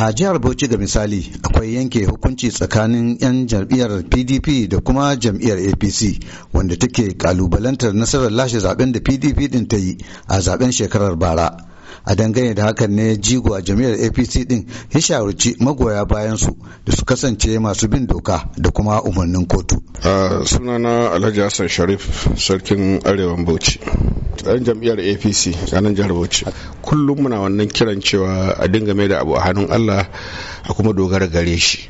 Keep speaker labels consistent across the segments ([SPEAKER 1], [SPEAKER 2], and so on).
[SPEAKER 1] a jihar bauchi ga misali akwai yanke hukunci tsakanin 'yan jam'iyyar pdp da kuma jam'iyyar apc wanda take kalubalantar nasarar lashe zaben da pdp din ta yi a zaben shekarar bara a dangane da hakan ne jigo a jam'iyyar apc din ya shawarci magoya bayan su da su kasance masu bin doka da kuma umarnin kotu
[SPEAKER 2] sunana alhaji hassan sharif sarkin arewan bauchi dan jam'iyyar apc a nan jihar bauchi kullum muna wannan kiran cewa a dinga mai da abu a hannun allah a kuma dogara gare shi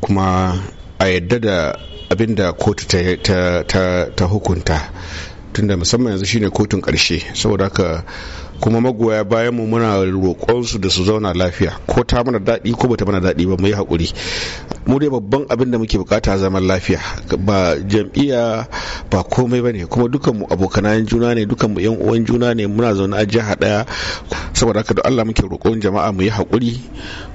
[SPEAKER 2] kuma a yadda da abin da kotu ta hukunta tunda musamman yanzu shine kotun karshe saboda haka kuma magoya bayan mu muna roƙon su da su zauna lafiya ko ta mana daɗi ko bata mana daɗi ba mu yi haƙuri mu dai babban abin da muke bukata zaman lafiya ba jam'iyya ba komai bane kuma dukan mu abokanan juna ne dukan mu yan uwan juna ne muna zaune a jiha daya saboda haka da Allah muke roƙon jama'a mu yi haƙuri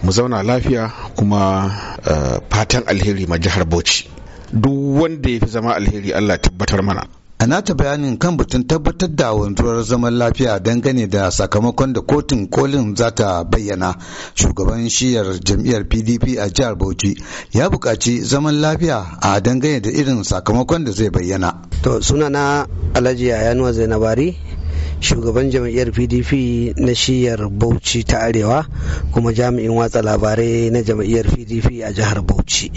[SPEAKER 2] mu zauna lafiya kuma eh, fatan alheri ma jihar Bauchi duk wanda ya fi zama alheri Allah tabbatar mana a nata bayanin kan batun tabbatar da wanzuwar
[SPEAKER 1] zaman lafiya dangane da sakamakon da kotun kolin za ta bayyana shugaban shiyar jam'iyyar pdp a jihar bauchi ya buƙaci zaman lafiya a dangane da irin sakamakon da zai bayyana to na alhaji yayanuwa zainabari
[SPEAKER 3] shugaban jam'iyyar pdp na shiyar bauchi ta arewa kuma jami'in watsa labarai na jam'iyyar pdp a jihar bauchi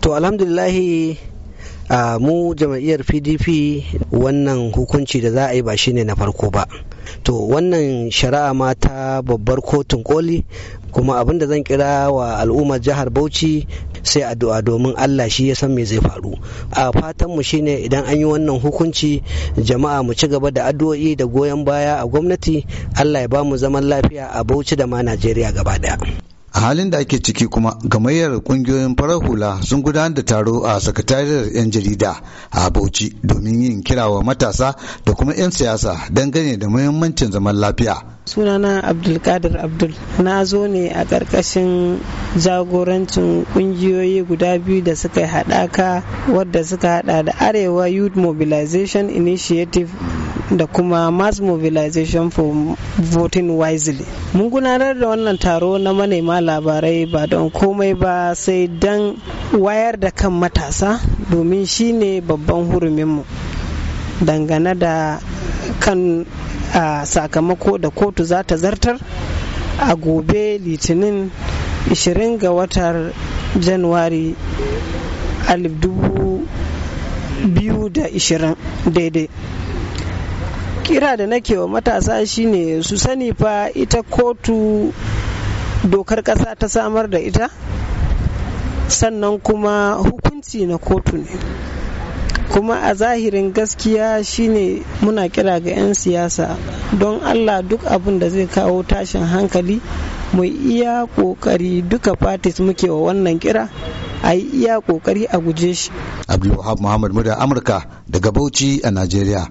[SPEAKER 3] to alhamdulillahi A mu jam'iyyar pdp wannan hukunci da za a yi ba shine na farko ba to wannan shari'a ma ta babbar kotun koli kuma abin da zan kira wa al'ummar jihar bauchi sai addu'a domin allah shi ya san me zai faru a fatan mu shine idan an yi wannan hukunci jama'a mu ci gaba da addu'o'i da goyon baya a gwamnati allah ya ba mu zaman lafiya a bauchi da ma najeriya gaba daya
[SPEAKER 1] a halin da ake ciki kuma gamayyar kungiyoyin farar hula sun gudanar da taro a sakatariyar 'yan jarida a bauchi domin yin kirawa matasa da kuma 'yan siyasa dangane da muhimmancin zaman lafiya
[SPEAKER 4] sunana abdulkadir abdul na zo ne a ƙarƙashin jagorancin ƙungiyoyi guda biyu da suka haɗaka wadda suka haɗa da arewa youth mobilization initiative da kuma mass mobilization for voting wisely mun gudanar da wannan taro na manema labarai ba don komai ba sai don wayar da kan matasa domin shi ne babban huruminmu dangane da kan sakamako da kotu za ta zartar a gobe litinin 20 ga watar januwari 2020 daidai kira da nake wa matasa shine su sani fa ita kotu dokar ƙasa ta samar da ita sannan kuma hukunci na kotu ne kuma a zahirin gaskiya shine muna kira ga 'yan siyasa don allah duk abin da zai kawo tashin hankali mu iya kokari
[SPEAKER 1] duka fatis muke wa wannan kira a yi iya kokari a guje shi abdulwahab muhammad muda amurka daga bauchi a najeriya